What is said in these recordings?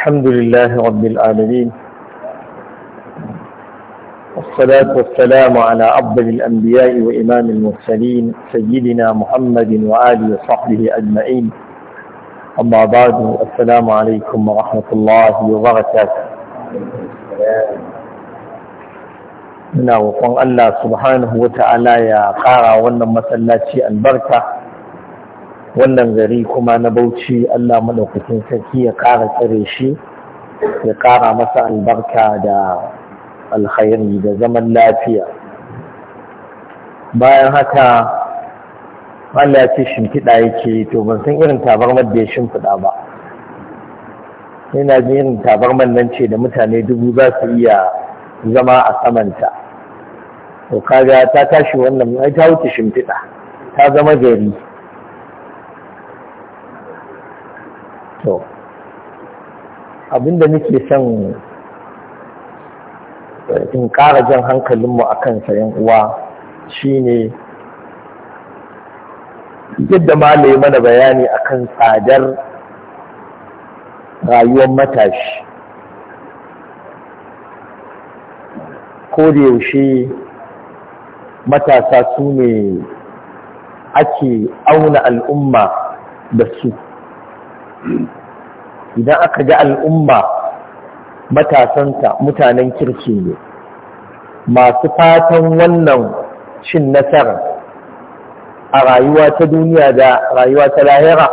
الحمد لله رب العالمين والصلاة والسلام على أفضل الأنبياء وإمام المرسلين سيدنا محمد وآله وصحبه أجمعين أما بعد السلام عليكم ورحمة الله وبركاته نعم roƙon Allah سبحانه وتعالى ta'ala ya ƙara wannan masallaci wannan gari kuma na bauchi Allah madaukakin sarki ya kara tsare shi ya kara masa albarka da alkhairi da zaman lafiya bayan haka Allah ya ce shimfiɗa yake to ban san irin tabarmar da ya shimfiɗa ba yana jin irin tabarmar nan ce da mutane dubu za su iya zama a samanta to kaga ta tashi wannan ai ta wuce shimfiɗa ta zama gari to abinda nake son eh, in ƙara jan hankalinmu a kan sayan uwa shine yadda malaye mana bayani akan tsadar rayuwar matashi ko da yaushe matasa su ne ake auna al'umma da su idan aka ga al'umma matasanta mutanen kirki ne masu fatan wannan cin nasara a rayuwa ta duniya da rayuwa ta lahira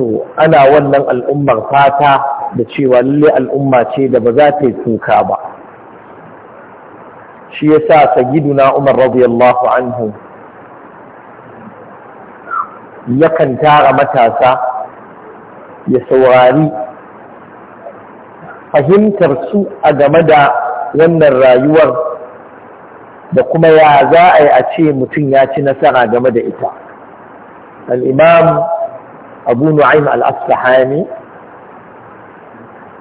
to ana wannan al'ummar fata da cewa lalle al'umma ce da ba za ta yi kuka ba shi yasa sayyiduna umar radiyallahu anhu yakan tara matasa ya saurari fahimtar su a game da wannan rayuwar da kuma ya za a yi a ce mutum ya ci nasara game da ita al'imam abu nu'aim al'asfahani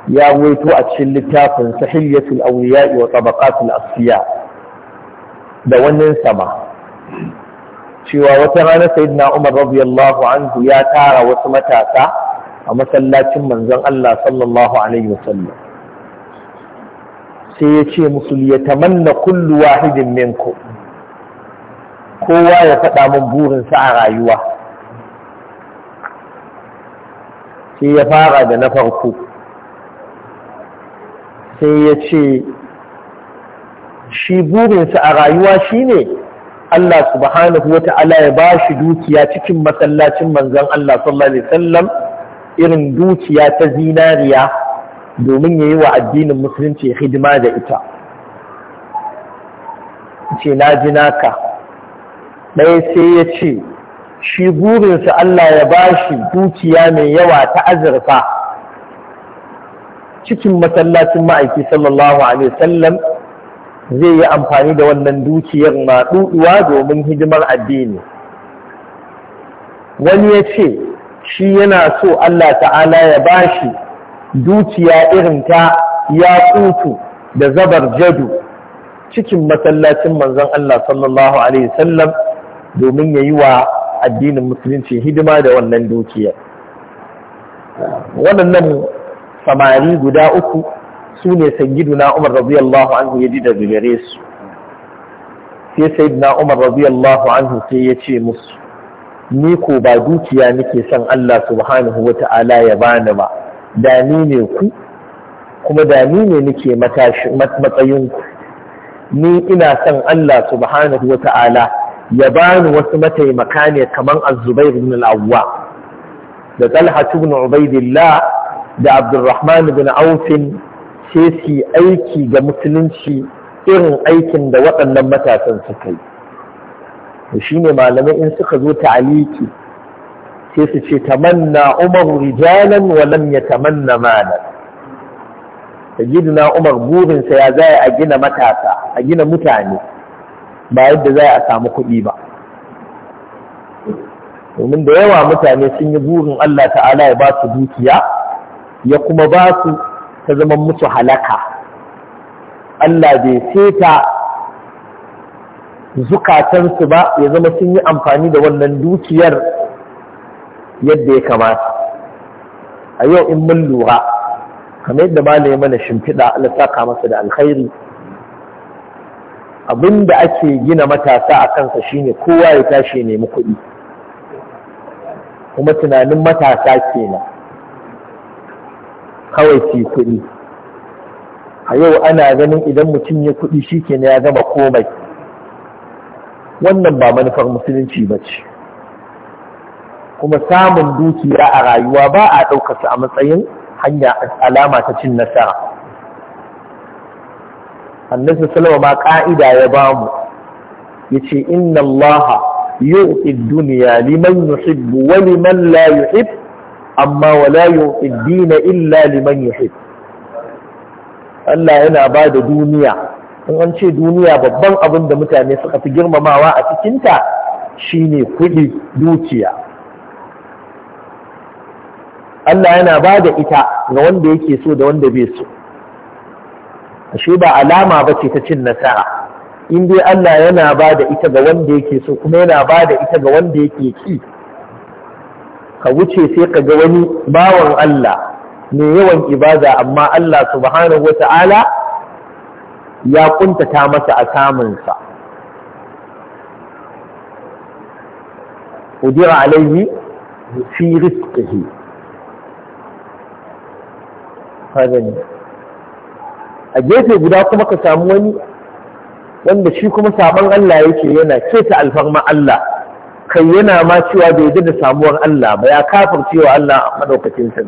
ya waito a cikin littafin sahiliyatul auliya'i wa tabaqatul asiya da wannan sama cewa wata rana na Umar radiyallahu anhu ya tara wasu matasa a masallacin manzon Allah sallallahu alaihi wasallam sai ya ce musu yatamanna kullu wahidin minkum kowa ya faɗa min burinsa a rayuwa sai ya fara da na farko sai ya ce shi burinsa a rayuwa shine Allah subhanahu wa ta'ala ya ba shi dukiya cikin masallacin manzon Allah sallallahu alaihi wasallam irin dukiya ta zinariya domin ya yi wa addinin musulunci hidima da ita ce na ji naka ɗaya sai ya ce shi burinsa Allah ya ba shi dukiya mai yawa ta azurfa cikin masallacin ma'aiki sallallahu alaihi wasallam zai yi amfani da wannan dukiyar maɗuɗuwa domin hidimar addini wani ya ce shi yana so Allah ta'ala ya bashi dukiya irin ta ya kutu da zabar jadu cikin masallacin manzan Allah sallallahu alaihi wasallam domin ya yi wa addinin musulunci hidima da wannan dukiyar waɗannan samari guda uku su ne sayyiduna Umar radiyallahu anhu ya ji daga gare su sai sayyiduna Umar radiyallahu anhu sai ya ce musu ni ko ba dukiya nake son Allah subhanahu wa ta'ala ya bani ba da ni ne ku kuma da ni ne nake matsayin ku ni ina son Allah subhanahu wa ta'ala ya bani wasu mataimaka ne kaman Az-Zubair ibn awwa da Talha ibn Ubaidillah da Abdurrahman bin Auf sai su aiki ga musulunci irin aikin da waɗannan matasan suka yi to shine malamai in suka zo ta'aliki sai su ce tamanna umar rijalan wa lam yatamanna malan na umar burinsa ya zai a gina matasa a gina mutane ba yadda za a samu kuɗi ba domin da yawa mutane sun yi burin Allah ta'ala ya ba su dukiya ya kuma ba su ta zama musu halaka Allah bai seta zukatansu ba ya zama sun yi amfani da wannan dukiyar yadda ya kamata a yau in mun lura kamar yadda malaye mana shimfiɗa Allah saka masa da alkhairi abinda ake gina matasa a kansa shine kowa ya tashi nemi kuɗi kuma tunanin matasa kenan kawai su kuɗi a yau ana ganin idan mutum ya kuɗi shi ke ya gama komai wannan ba manufar musulunci ba ce kuma samun dukiya a rayuwa ba a ɗaukarsa a matsayin hanya alama ta cin nasara annabi salama ma ƙa'ida ya bamu yace inna allaha yu'ti dunya liman yuhibbu wa liman la yuhibbu amma wala yu'ti dina din illa liman yuhib Allah yana ba da duniya in an ce duniya babban abin da mutane suka fi girmamawa a cikinta shine kuɗi dukiya Allah yana ba da ita ga wanda yake so da wanda bai so ashe ba alama ba ce ta cin nasara in dai Allah yana ba da ita ga wanda yake so kuma yana ba da ita ga wanda yake ki ka wuce sai ka ga wani bawan Allah mai yawan ibada amma Allah subhanahu wa ta'ala ya kuntata masa a samunsa. Udira alayhi fi rizqihi a gefe guda kuma ka samu wani wanda shi kuma sabon Allah yake yana keta alfarma Allah kai yana ma cewa bai yarda da samuwar Allah ba ya kafir cewa Allah a madaukakin sa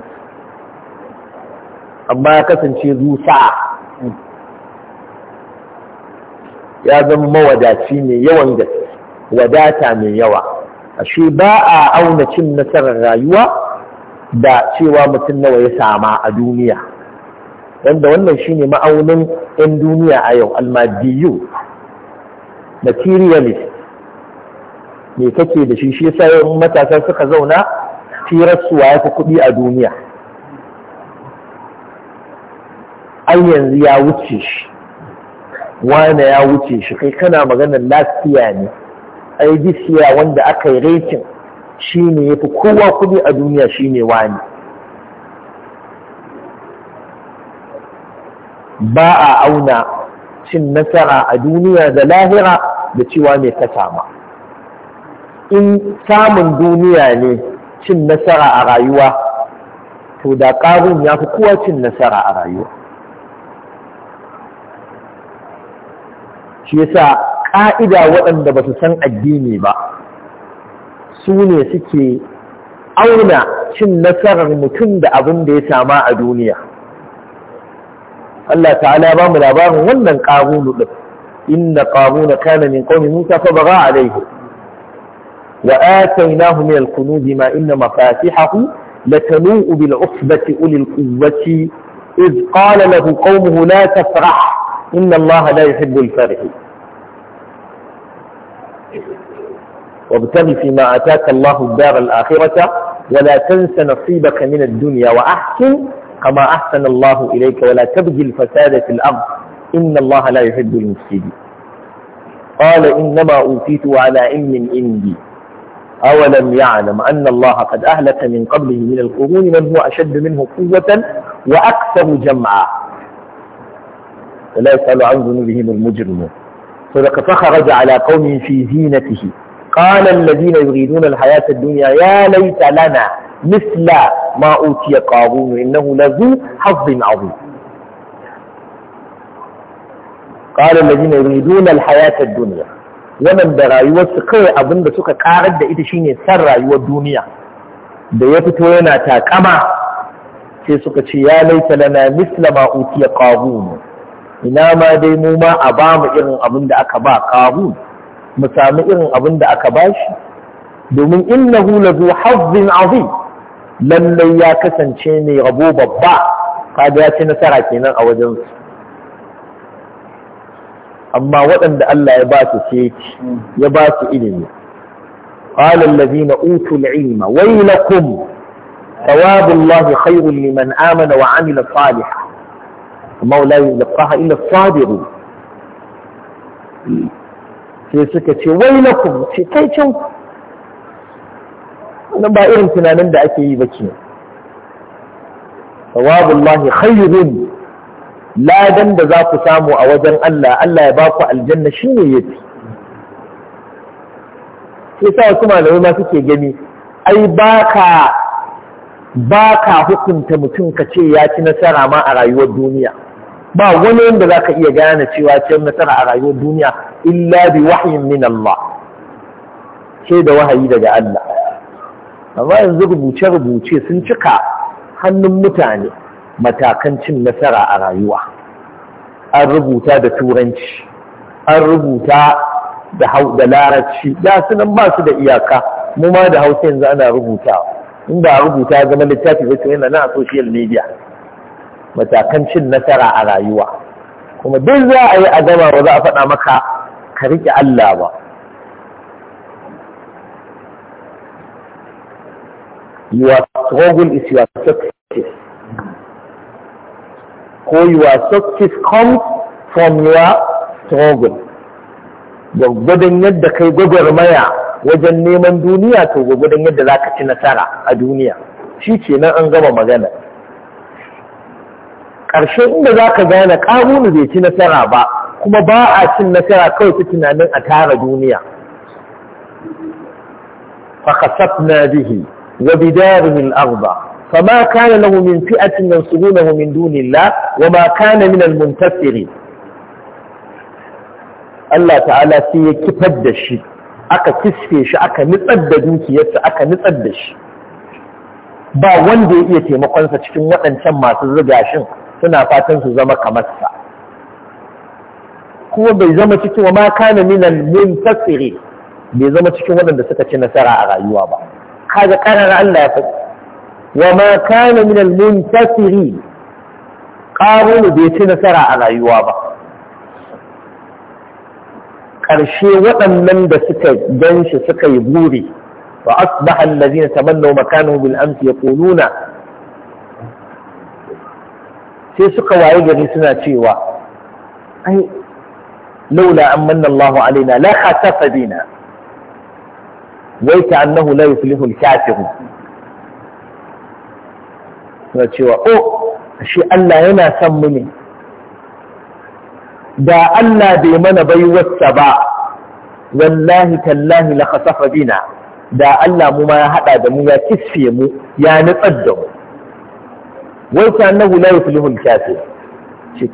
amma ya kasance zusa ya zama mawadaci mai yawan da wadata mai yawa ashe ba a auna cin nasarar rayuwa da cewa mutum nawa ya sama a duniya wanda wannan shine ma'aunin 'yan duniya a yau almadiyu materialist me kake da shi shi yasa yawan matasa suka zauna suwa ya fi kuɗi a duniya ai yanzu ya wuce shi wane ya wuce shi kai kana maganar lafiya ne ai bisiya wanda aka yi rekin shi ne ya fi kowa kuɗi a duniya shi ne wani ba a auna cin nasara a duniya da lahira da cewa mai ka sama in samun duniya ne cin nasara a rayuwa to da ƙaru ya fi kowa cin nasara a rayuwa shi yasa ƙa'ida waɗanda ba su san addini ba su ne suke auna cin nasarar mutum da abin da ya sama a duniya Allah ta'ala ba mu labarin wannan ƙarunu ɗin inna ƙaruna kana min ƙaunin musa fa ba za a وآتيناه من الكنوز ما إن مفاتحه لتنوء بالعصبة أولي القوة إذ قال له قومه لا تفرح إن الله لا يحب الفرح وابتغ فيما آتاك الله الدار الآخرة ولا تنس نصيبك من الدنيا وأحسن كما أحسن الله إليك ولا تبغي الفساد في الأرض إن الله لا يحب المفسدين قال إنما أوتيت على علم عندي أولم يعلم أن الله قد أهلك من قبله من القرون من هو أشد منه قوة وأكثر جمعا ولا يسأل عن ذنوبهم المجرمون صدق فخرج على قوم في زينته قال الذين يريدون الحياة الدنيا يا ليت لنا مثل ما أوتي قارون إنه لذو حظ عظيم قال الذين يريدون الحياة الدنيا da rayuwarsu kawai abin da suka karar da ita shine san rayuwar duniya da ya fito yana takama sai suka ce ya laita lana misla ma utiya qarun ina ma dai mu ma a ba mu irin abin da aka ba qarun mu sami irin abin da aka ba shi domin innahu lazu hazzin azim lallai ya kasance ne rabo babba kaga ya ci nasara kenan a wajensu amma waɗanda Allah ya ba su ceci ya ba su ilimi qala allazina utul ilma waylakum thawabullahi khairul wa amila salihan maula yulqaha illa as-sabirun sai suka ce waylakum ce kai can nan ba irin tunanin da ake yi ba ke thawabullahi ladan da za ku samu a wajen Allah Allah ya ba ku aljanna shi ne fi sai sa wasu malamai ma suke gani ai ba baka hukunta mutum ka ce ya ci nasara ma a rayuwar duniya ba wani wanda za ka iya gane cewa ce nasara a rayuwar duniya illa bi wahayin min Allah ce da wahayi daga Allah amma yanzu rubuce-rubuce sun cika hannun mutane matakan cin nasara a rayuwa an rubuta da turanci an rubuta da da larabci da sunan ba su da iyaka mu ma da hausa yanzu ana rubuta in ba rubuta zama littafi ba yana na social media matakan cin nasara a rayuwa kuma duk za a yi a ba za a faɗa maka ka riƙe Allah ba your struggle is your success ko your success comes from your struggle yadda kai gwagwarmaya wajen neman duniya to gwagwadon yadda za ka ci nasara a duniya shi ke nan an gama magana ƙarshe inda za ka gane ƙarunu bai ci nasara ba kuma ba a cin nasara kawai ta tunanin a tara duniya fakasafna bihi wa bidarihi al-arba فما كان له من فئة ينصرونه من دون الله وما كان من المنتصرين Allah ta'ala sai ya kifar da shi aka kisfe shi aka nitsar da dukiyarsa aka nitsar da shi ba wanda ya iya taimakonsa cikin waɗancan masu zigashin suna fatan su zama kamar sa kuma bai zama cikin wa ma kana minal muntasiri bai zama cikin waɗanda suka ci nasara a rayuwa ba ga karar Allah وما كان من المنتصرين قارون بيتي نسرى على يوابا قرشي وطن من دا سكا جنش سكا يبوري وأصبح الذين تمنوا مكانه بالأمس يقولون سي سكا وعيد يغيسنا تيوا أي لولا أمن الله علينا لا خسف بنا ويت أنه لا يفلح الكافر suna cewa o oh, shi Allah yana son mu ne da Allah bai mana baiwarsa ba wallahi tallahi la khasafa bina da Allah mu ma ya hada da mu ya kisfe mu ya nutsar da mu wai ta annahu la yuflihul kafir shi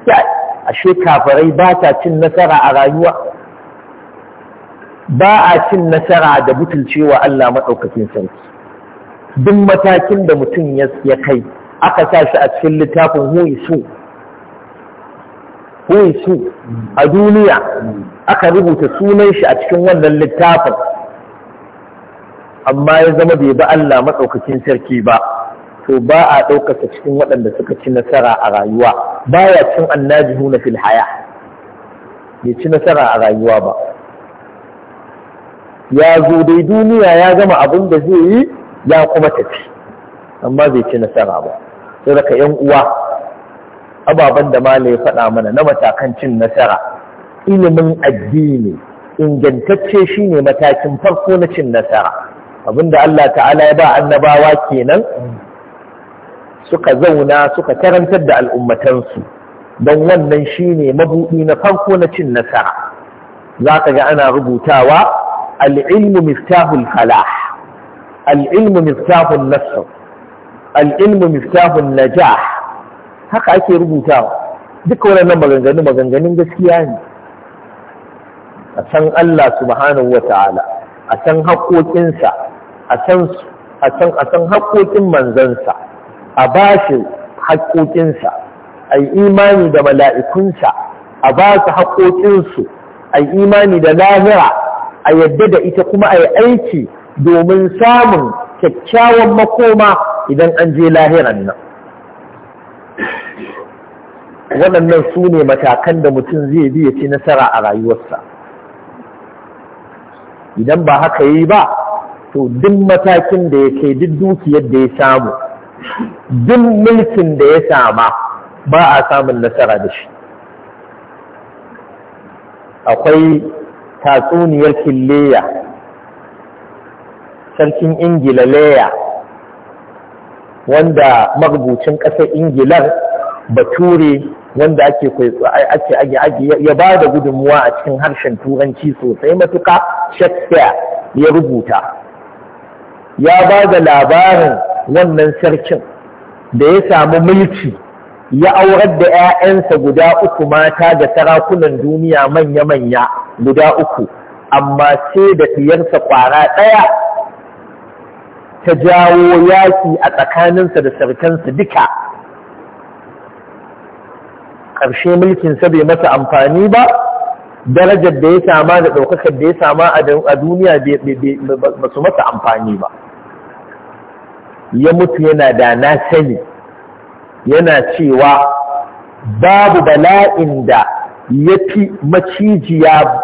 ashe kafirai ba ta cin nasara a rayuwa ba a cin nasara da butulcewa Allah maɗaukakin sarki duk matakin da mutum ya kai aka sa shi a cikin littafin huisu a duniya aka rubuta sunan shi a cikin wannan littafin amma ya zama bai ba Allah maɗaukakin sarki ba to ba a ɗaukaka cikin waɗanda suka ci nasara a rayuwa baya cin annajihu na fil haya bai ci nasara a rayuwa ba ya zo dai duniya ya gama abin da zai yi ya kuma tafi amma bai ci nasara ba sai daga yan uwa ababen da mala ya faɗa mana na matakan cin nasara ilimin addini ingantacce shine matakin farko na cin nasara abinda Allah ta'ala ya ba annabawa kenan suka zauna suka karantar da al'ummatansu don wannan shine mabuɗi na farko na cin nasara za ka ga ana rubutawa al'ilmu miftahul falah al'ilmu miftahul nasar al'ilmu miftahun naja haka ake rubutawa duka wannan maganganu maganganun gaskiya ne a san Allah subhanahu wa ta'ala a san haƙoƙinsa a san haƙoƙin manzansa a bashi haƙoƙinsa a imani da mala'ikunsa a ba su haƙoƙinsu a imani da lahira a yadda da ita kuma a yi aiki domin samun kyakkyawan makoma idan an je lahiran nan waɗannan su ne matakan da mutum zai biya ci nasara a rayuwarsa idan ba haka yi ba to duk matakin da ya kai duk dukiyar da ya samu duk mulkin da ya sama ba a samun nasara da shi akwai tatsuniyar killeya sarkin ingila leya wanda marubucin ƙasar Ingilan bature wanda ake ake ake ya ba da gudunmuwa a cikin harshen turanci sosai matuka shakespeare ya rubuta ya ba da labarin wannan sarkin da ya samu mulki ya aurar da 'ya'yansa guda uku mata da sarakunan duniya manya-manya guda uku amma sai da ɗiyarsa ƙwara ɗaya ta jawo yaƙi a tsakaninsa da sarkansa duka ƙarshe mulkinsa bai masa amfani ba darajar da ya sama da ɗaukakar da ya sama a duniya ba su masa amfani ba ya mutu yana da na sani yana cewa babu bala'in da ya fi macijiya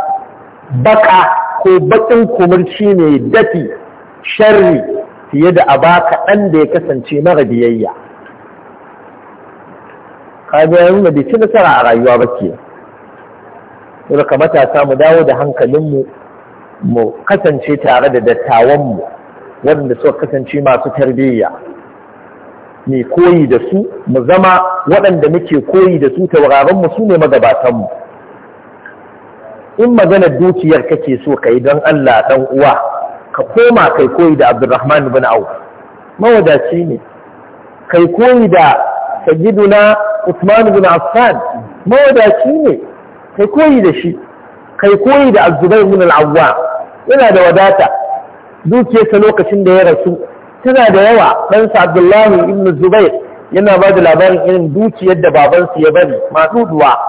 baka ko baƙin kumurci mai dafi sharri fiye da a baka ɗan da ya kasance mara biyayya kaga ya nuna bai ci nasara a rayuwa ba ke yadda ka matasa mu dawo da hankalinmu mu kasance tare da dattawanmu waɗanda suka kasance masu tarbiyya mai koyi da su mu zama waɗanda muke koyi da su tauraronmu su ne magabatanmu in maganar dukiyar kake so ka yi don Allah ɗan uwa ka koma kai koyi da abdurrahman bin auf mawadaci ne kai koyi da sayyiduna usman bin affan mawadaci ne kai koyi da shi kai koyi da azubair bin al-awwa yana da wadata dukiyarsa lokacin da ya rasu tana da yawa ɗansa abdullahi ibn zubair yana ba da labarin irin dukiyar da babansu ya bari masu duwa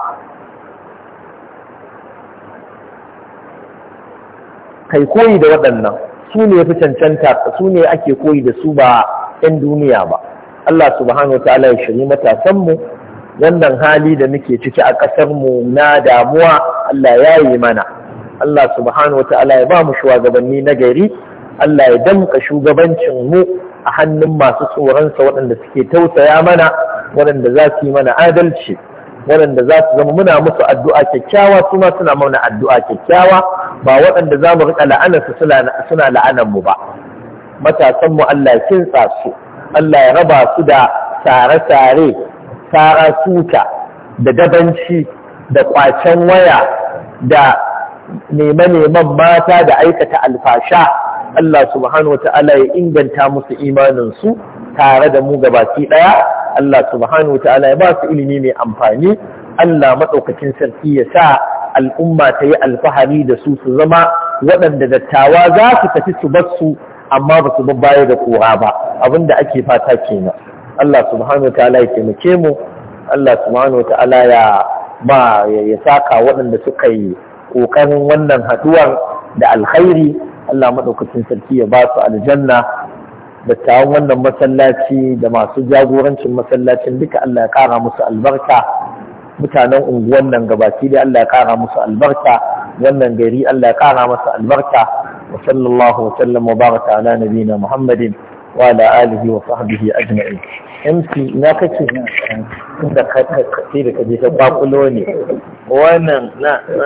kai koyi da waɗannan su ne ya fi cancanta su ne ake koyi da su ba 'yan duniya ba Allah subhanahu wa ta'ala ya shiri matasanmu wannan hali da muke ciki a mu na damuwa Allah ya yi mana Allah subhanahu wa ta'ala ya ba mu shugabanni na gari Allah ya damka shugabancin mu a hannun masu tsoronsa waɗanda suke tausaya mana waɗanda za su yi mana adalci waɗanda za su zama muna musu addu'a kyakkyawa su ma suna mana addu'a kyakkyawa ba waɗanda za mu riƙa la'anarsu suna la'anar mu ba matasan mu Allah ya kintsa su Allah ya raba su da sare-sare sara suka da dabanci da kwacen waya da neman neman mata da aikata alfasha Allah subhanahu wa ta'ala ya inganta musu imaninsu tare da mu gabaki ɗaya Allah subhanahu ta'ala ya ba su ilimi mai amfani Allah maɗaukacin sarki ya sa al'umma ta yi alfahari da su su zama waɗanda dattawa za su tafi su bar su amma ba su baya da kura ba da ake fata kenan Allah subhanahu ta'ala ya taimake mu Allah subhanahu ta'ala ya ba ya saka waɗanda suka yi ƙoƙarin wannan haɗuwar da alkhairi Allah maɗaukacin sarki ya ba su aljanna dattawan wannan masallaci da masu jagorancin masallacin duka Allah ya kara musu albarka mutanen unguwan nan gabaki da Allah ya kara musu albarka wannan gari Allah ya kara masa albarka wa sallallahu wa sallam wa baraka ala nabiyina Muhammadin wa ala alihi wa sahbihi ajma'in MC na kace inda ka kace da kaje ta kwakulo ne wannan na